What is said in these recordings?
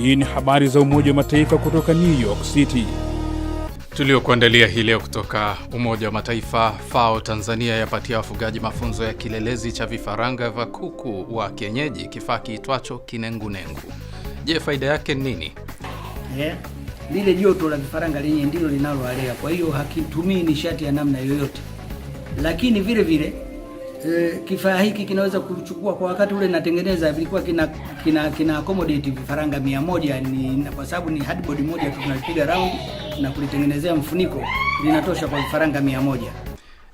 Hii ni habari za Umoja wa Mataifa kutoka New York City tuliokuandalia hii leo kutoka Umoja wa Mataifa. FAO Tanzania yapatia wafugaji mafunzo ya kilelezi cha vifaranga vya kuku wa kienyeji, kifaa kiitwacho kinengunengu. Je, faida yake ni nini? Yeah. Lile joto la vifaranga lenye ndilo linaloalea, kwa hiyo hakitumii nishati ya namna yoyote, lakini vile vile Eh, kifaa hiki kinaweza kuchukua kwa wakati ule natengeneza, vilikuwa kina kina, kina accommodate vifaranga 100 ni kwa sababu ni hardboard moja tu tunapiga round na kulitengenezea mfuniko linatosha kwa vifaranga 100.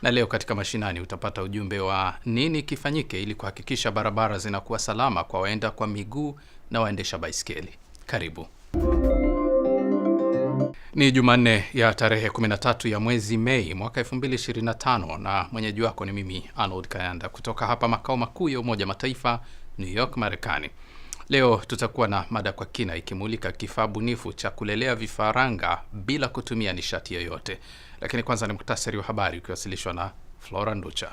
Na leo katika mashinani utapata ujumbe wa nini kifanyike ili kuhakikisha barabara zinakuwa salama kwa waenda kwa miguu na waendesha baisikeli. Karibu. Ni Jumanne ya tarehe 13 ya mwezi Mei mwaka 225 na mwenyeji wako ni mimi Arnold Kayanda kutoka hapa makao makuu ya Umoja Mataifa, New York, Marekani. Leo tutakuwa na mada kwa kina ikimulika kifaa bunifu cha kulelea vifaranga bila kutumia nishati yoyote, lakini kwanza ni muktasari wa habari ukiwasilishwa na Flora Nducha.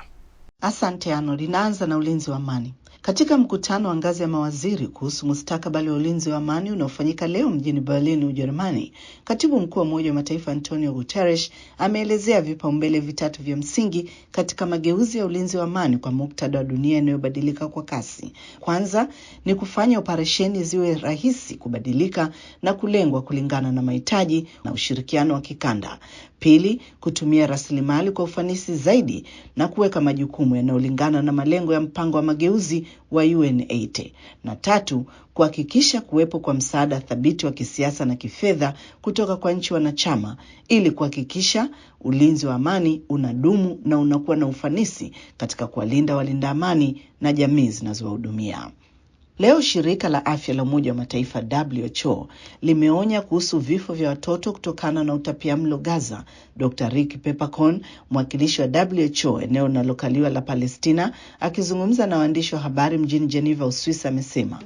Asante. ano Linaanza na ulinzi wa amani. Katika mkutano wa ngazi ya mawaziri kuhusu mustakabali wa ulinzi wa amani unaofanyika leo mjini Berlin, Ujerumani, katibu mkuu wa Umoja wa Mataifa Antonio Guterres ameelezea vipaumbele vitatu vya msingi katika mageuzi ya ulinzi wa amani kwa muktadha wa dunia inayobadilika kwa kasi. Kwanza ni kufanya operesheni ziwe rahisi kubadilika na kulengwa kulingana na mahitaji na ushirikiano wa kikanda. Pili, kutumia rasilimali kwa ufanisi zaidi na kuweka majukumu yanayolingana na malengo ya mpango wa mageuzi wa un Na tatu, kuhakikisha kuwepo kwa msaada thabiti wa kisiasa na kifedha kutoka kwa nchi wanachama ili kuhakikisha ulinzi wa amani unadumu na unakuwa na ufanisi katika kuwalinda walinda amani na jamii zinazowahudumia. Leo shirika la afya la Umoja wa Mataifa WHO limeonya kuhusu vifo vya watoto kutokana na utapiamlo Gaza. Dr Rick Peppercorn, mwakilishi wa WHO eneo linalokaliwa la Palestina, akizungumza na waandishi wa habari mjini Geneva, Uswisi, amesema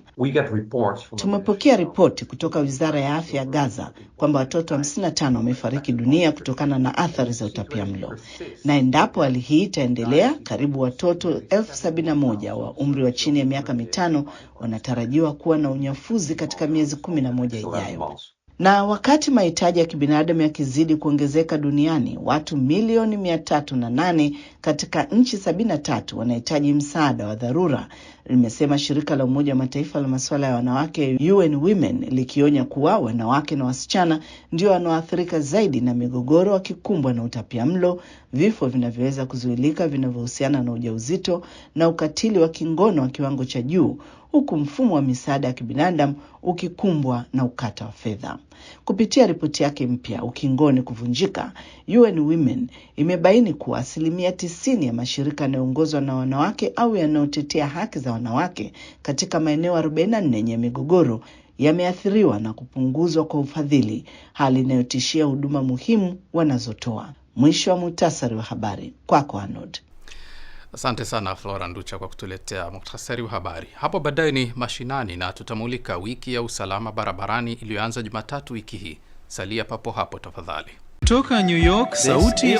tumepokea ripoti kutoka wizara ya afya ya Gaza kwamba watoto 55 wamefariki dunia kutokana na athari za utapiamlo, na endapo hali hii itaendelea, karibu watoto elfu 71 wa umri wa chini ya miaka mitano wanatarajiwa kuwa na unyafuzi katika miezi kumi na moja ijayo. Na wakati mahitaji ya kibinadamu yakizidi kuongezeka duniani, watu milioni mia tatu na nane katika nchi sabini na tatu wanahitaji msaada wa dharura, limesema shirika la Umoja wa Mataifa la masuala ya wanawake UN Women, likionya kuwa wanawake na wasichana ndio wanaoathirika zaidi na migogoro, wakikumbwa na utapiamlo, vifo vinavyoweza kuzuilika vinavyohusiana na ujauzito na ukatili wa kingono wa kiwango cha juu huku mfumo wa misaada ya kibinadamu ukikumbwa na ukata wa fedha. Kupitia ripoti yake mpya Ukingoni Kuvunjika, UN Women imebaini kuwa asilimia tisini ya mashirika yanayoongozwa na wanawake au yanayotetea haki za wanawake katika maeneo 44 yenye migogoro yameathiriwa na kupunguzwa kwa ufadhili, hali inayotishia huduma muhimu wanazotoa. Mwisho wa muhtasari wa habari. Kwako Arnold. Asante sana Flora Nducha kwa kutuletea muktasari wa habari. Hapo baadaye ni mashinani na tutamulika wiki ya usalama barabarani iliyoanza Jumatatu wiki hii. Salia papo hapo tafadhali. Toka New York, sauti ya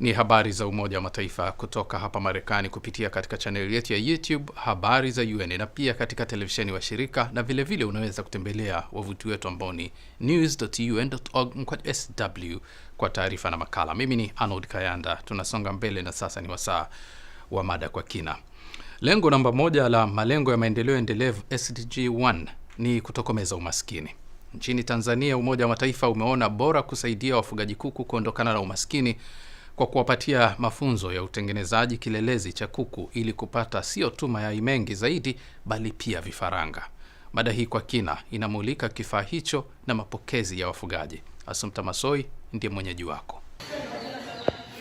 Ni habari za Umoja wa Mataifa kutoka hapa Marekani kupitia katika chaneli yetu ya YouTube Habari za UN na pia katika televisheni wa shirika na vilevile vile unaweza kutembelea wavuti wetu ambao ni news.un.org sw kwa taarifa na makala. Mimi ni Arnold Kayanda. Tunasonga mbele na sasa ni wasaa wa mada kwa kina. Lengo namba moja la malengo ya maendeleo endelevu SDG 1 ni kutokomeza umaskini. Nchini Tanzania, Umoja wa Mataifa umeona bora kusaidia wafugaji kuku kuondokana na umaskini kwa kuwapatia mafunzo ya utengenezaji kilelezi cha kuku ili kupata sio tu mayai mengi zaidi bali pia vifaranga. Mada hii kwa kina inamulika kifaa hicho na mapokezi ya wafugaji. Asumta Masoi ndiye mwenyeji wako.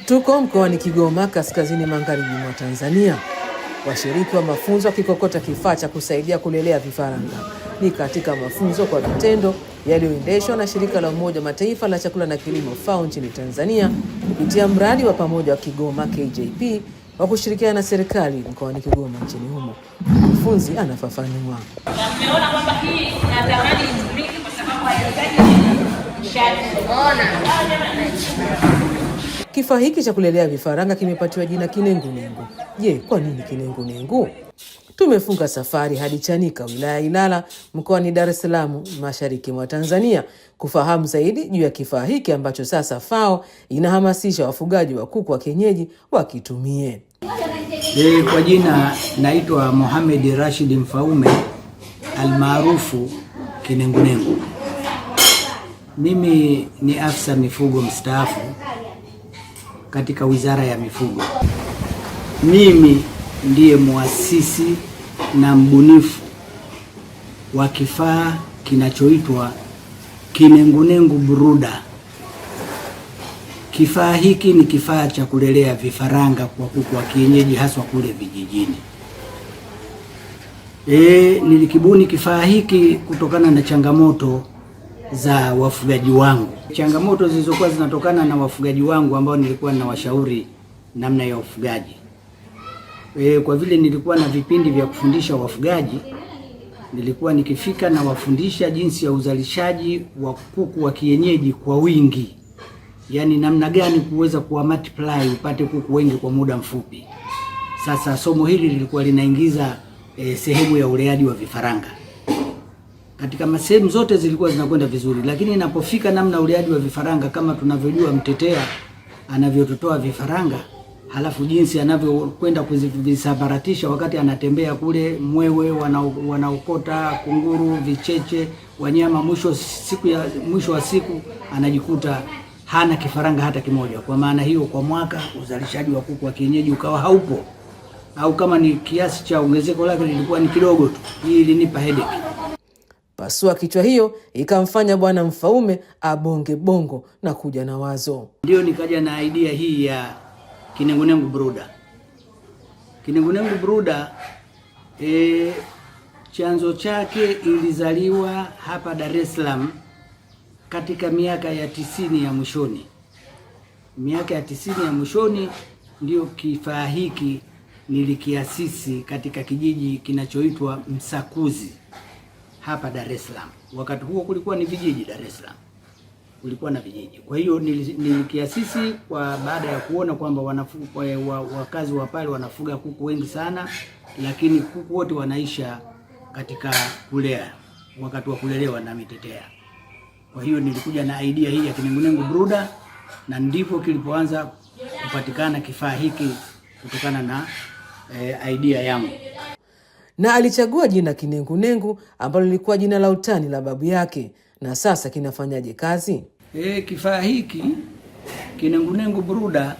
Tuko mkoani Kigoma, kaskazini magharibi mwa Tanzania. Washiriki wa mafunzo wakikokota kifaa cha kusaidia kulelea vifaranga. Ni katika mafunzo kwa vitendo yaliyoendeshwa na shirika la Umoja Mataifa la chakula na kilimo FAO nchini Tanzania kupitia mradi wa pamoja wa Kigoma KJP wa kushirikiana na serikali mkoani Kigoma nchini humo. Mfunzi anafafanua. Tumeona kwamba hii itumike kwa sababu haihitaji Kifaa hiki cha kulelea vifaranga kimepatiwa jina kinengunengu. Je, kwa nini kinengunengu? Tumefunga safari hadi Chanika, wilaya ya Ilala, mkoani Dar es Salaam, mashariki mwa Tanzania, kufahamu zaidi juu ya kifaa hiki ambacho sasa FAO inahamasisha wafugaji wa kuku wa kienyeji wakitumie. E, kwa jina naitwa Mohamed Rashid Mfaume almaarufu Kinengunengu. Mimi ni afisa mifugo mstaafu katika Wizara ya Mifugo. Mimi ndiye muasisi na mbunifu wa kifaa kinachoitwa kinengunengu bruda. Kifaa hiki ni kifaa cha kulelea vifaranga kwa kuku wa kienyeji haswa kule vijijini. E, nilikibuni kifaa hiki kutokana na changamoto za wafugaji wangu, changamoto zilizokuwa zinatokana na wafugaji wangu ambao nilikuwa na washauri namna ya ufugaji. E, kwa vile nilikuwa na vipindi vya kufundisha wafugaji, nilikuwa nikifika na wafundisha jinsi ya uzalishaji wa kuku wa kienyeji kwa wingi, yaani namna gani kuweza kuwa multiply upate kuku wengi kwa muda mfupi. Sasa somo hili lilikuwa linaingiza e, sehemu ya uleaji wa vifaranga katika sehemu zote zilikuwa zinakwenda vizuri, lakini inapofika namna uleaji wa vifaranga, kama tunavyojua Mtetea anavyototoa vifaranga halafu jinsi anavyokwenda kuvisambaratisha wakati anatembea kule, mwewe wanaokota, kunguru, vicheche, wanyama, mwisho siku ya mwisho wa siku anajikuta hana kifaranga hata kimoja. Kwa maana hiyo, kwa mwaka uzalishaji wa kuku wa kienyeji ukawa haupo, au kama ni kiasi cha ongezeko lake lilikuwa ni kidogo tu. Hii ilinipa headache pasua kichwa hiyo ikamfanya Bwana Mfaume abonge bongo na kuja na wazo. Ndio nikaja na idea hii ya kinengunengu bruda. Kinengunengu bruda e, chanzo chake ilizaliwa hapa Dar es Salaam katika miaka ya tisini ya mwishoni. Miaka ya tisini ya mwishoni ndio kifaa hiki nilikiasisi katika kijiji kinachoitwa Msakuzi hapa Dar es Salaam. Wakati huo kulikuwa ni vijiji Dar es Salaam, kulikuwa na vijiji. Kwa hiyo nilikiasisi kwa baada ya kuona kwamba wakazi wa pale wanafuga kuku wengi sana, lakini kuku wote wanaisha katika kulea, wakati wa kulelewa na mitetea. Kwa hiyo nilikuja na idea hii ya Kinengunengu bruda na ndipo kilipoanza kupatikana kifaa hiki kutokana na eh, idea yangu na alichagua jina kinengunengu ambalo lilikuwa jina la utani la babu yake. Na sasa kinafanyaje kazi? E, kifaa hiki kinengunengu bruda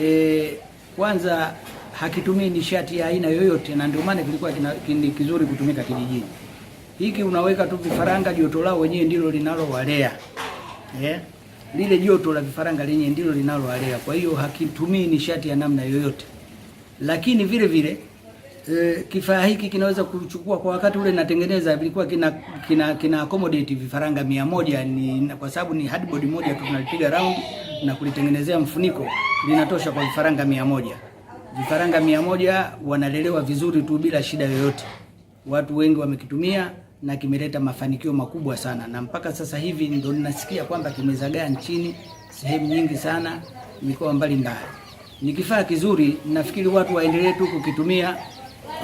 e, kwanza hakitumii nishati ya aina yoyote, na ndio maana kilikuwa ni kizuri kutumika kijijini. Hiki unaweka tu vifaranga, joto lao wenyewe ndilo linalowalea yeah. Lile joto la vifaranga lenyewe ndilo linalowalea, kwa hiyo hakitumii nishati ya namna yoyote, lakini vile vile Eh, kifaa hiki kinaweza kuchukua kwa wakati ule natengeneza, vilikuwa kina kina, kina accommodate vifaranga 100 ni kwa sababu ni hardboard moja tu tunalipiga round na kulitengenezea mfuniko, linatosha kwa vifaranga 100. Vifaranga 100 wanalelewa vizuri tu bila shida yoyote. Watu wengi wamekitumia na kimeleta mafanikio makubwa sana, na mpaka sasa hivi ndio ninasikia kwamba kimezagaa nchini sehemu nyingi sana, mikoa mbalimbali. Ni kifaa kizuri, nafikiri watu waendelee tu kukitumia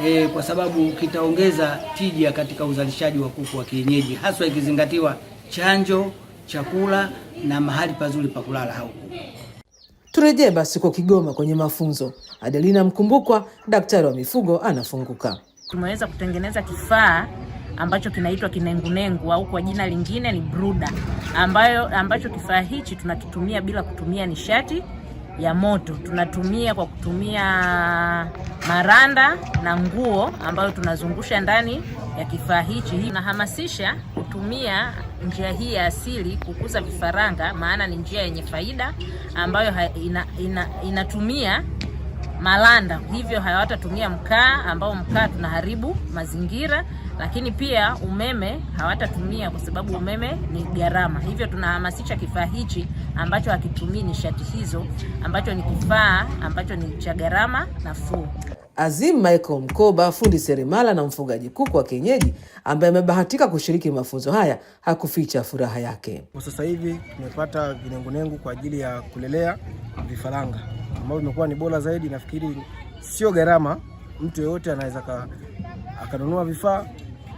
e, kwa sababu kitaongeza tija katika uzalishaji wa kuku wa kienyeji haswa ikizingatiwa chanjo, chakula na mahali pazuri pa kulala hao kuku. Turejee basi kwa Kigoma kwenye mafunzo. Adelina Mkumbukwa, daktari wa mifugo, anafunguka. Tumeweza kutengeneza kifaa ambacho kinaitwa kinengunengu au kwa jina lingine ni bruda, ambayo ambacho kifaa hichi tunakitumia bila kutumia nishati ya moto tunatumia kwa kutumia maranda na nguo ambayo tunazungusha ndani ya kifaa hichi. tunahamasisha kutumia njia hii ya asili kukuza vifaranga, maana ni njia yenye faida ambayo ina, ina, inatumia malanda, hivyo hawatatumia mkaa ambao mkaa tunaharibu mazingira, lakini pia umeme hawatatumia kwa sababu umeme ni gharama. Hivyo tunahamasisha kifaa hichi ambacho hakitumii nishati hizo, ambacho ni kifaa ambacho ni cha gharama nafuu. Azim Michael Mkoba, fundi seremala na mfugaji kuku wa kienyeji ambaye amebahatika kushiriki mafunzo haya, hakuficha furaha yake. Kwa sasa hivi tumepata vinengunengu kwa ajili ya kulelea vifaranga ambayo imekuwa ni bora zaidi. Nafikiri sio gharama, mtu yeyote anaweza akanunua vifaa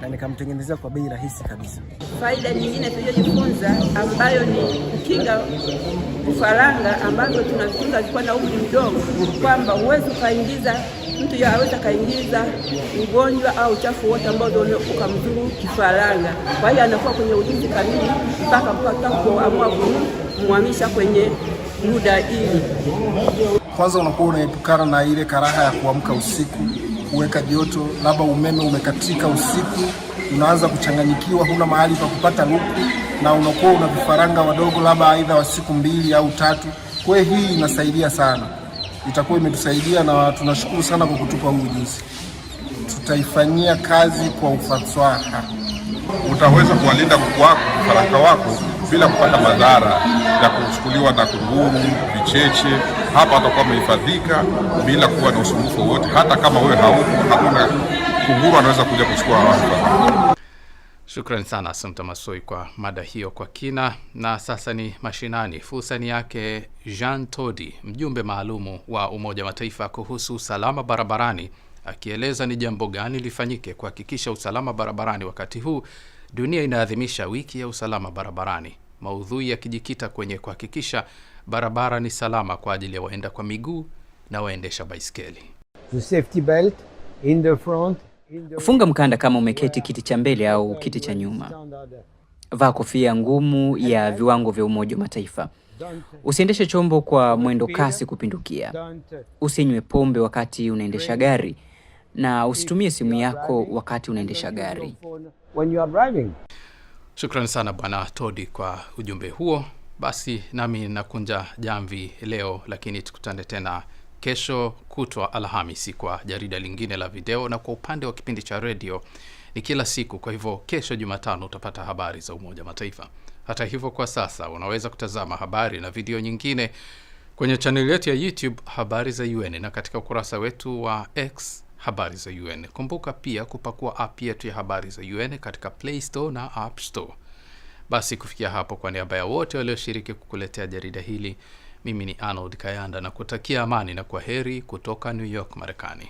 na nikamtengenezea kwa bei rahisi kabisa. Faida nyingine tuliyojifunza ambayo ni kinga vifaranga ambavyo tunavifunza vikiwa na umri mdogo, kwamba huwezi ukaingiza mtu yo akaingiza ugonjwa au uchafu wote ambao ukamdhuru kifaranga. Kwa hiyo anakuwa kwenye ulinzi kamili mpaka mpaka kuamua kumhamisha kwenye muda ili kwanza unakuwa unaepukana na ile karaha ya kuamka usiku kuweka joto, labda umeme umekatika usiku, unaanza kuchanganyikiwa, huna mahali pa kupata luku, na unakuwa una vifaranga wadogo, labda aidha wa siku mbili au tatu. Kwa hii inasaidia sana, itakuwa imetusaidia na tunashukuru sana kwa kutupa huu ujuzi. Tutaifanyia kazi kwa ufatswaha. Utaweza kuwalinda kuku wako, vifaranga wako bila kupata madhara ya kuchukuliwa na kunguru, vicheche. Hapa atakuwa amehifadhika bila kuwa na usumbufu wowote, hata kama wewe haupo, hakuna kunguru anaweza kuja kuchukua watu. shukran sana Assumpta masoi kwa mada hiyo kwa kina. Na sasa ni mashinani, fursa ni yake Jean Todi, mjumbe maalumu wa Umoja wa Mataifa kuhusu usalama barabarani, akieleza ni jambo gani lifanyike kuhakikisha usalama barabarani wakati huu Dunia inaadhimisha wiki ya usalama barabarani, maudhui yakijikita kwenye kuhakikisha barabara ni salama kwa ajili ya waenda kwa miguu na waendesha baiskeli. Funga mkanda kama umeketi kiti cha mbele au kiti cha nyuma. Vaa kofia ngumu ya viwango vya Umoja wa Mataifa. Usiendeshe chombo kwa mwendo kasi kupindukia. Usinywe pombe wakati unaendesha gari na usitumie simu yako wakati unaendesha gari. Shukrani sana Bwana Todi kwa ujumbe huo. Basi nami nakunja jamvi leo, lakini tukutane tena kesho kutwa Alhamisi kwa jarida lingine la video, na kwa upande wa kipindi cha redio ni kila siku. Kwa hivyo kesho Jumatano utapata habari za Umoja wa Mataifa. Hata hivyo, kwa sasa unaweza kutazama habari na video nyingine kwenye chaneli yetu ya YouTube habari za UN na katika ukurasa wetu wa X habari za UN. Kumbuka pia kupakua app yetu ya habari za UN katika Play Store na App Store. Basi kufikia hapo, kwa niaba ya wote walioshiriki kukuletea jarida hili, mimi ni Arnold Kayanda na kutakia amani na kwa heri kutoka New York, Marekani.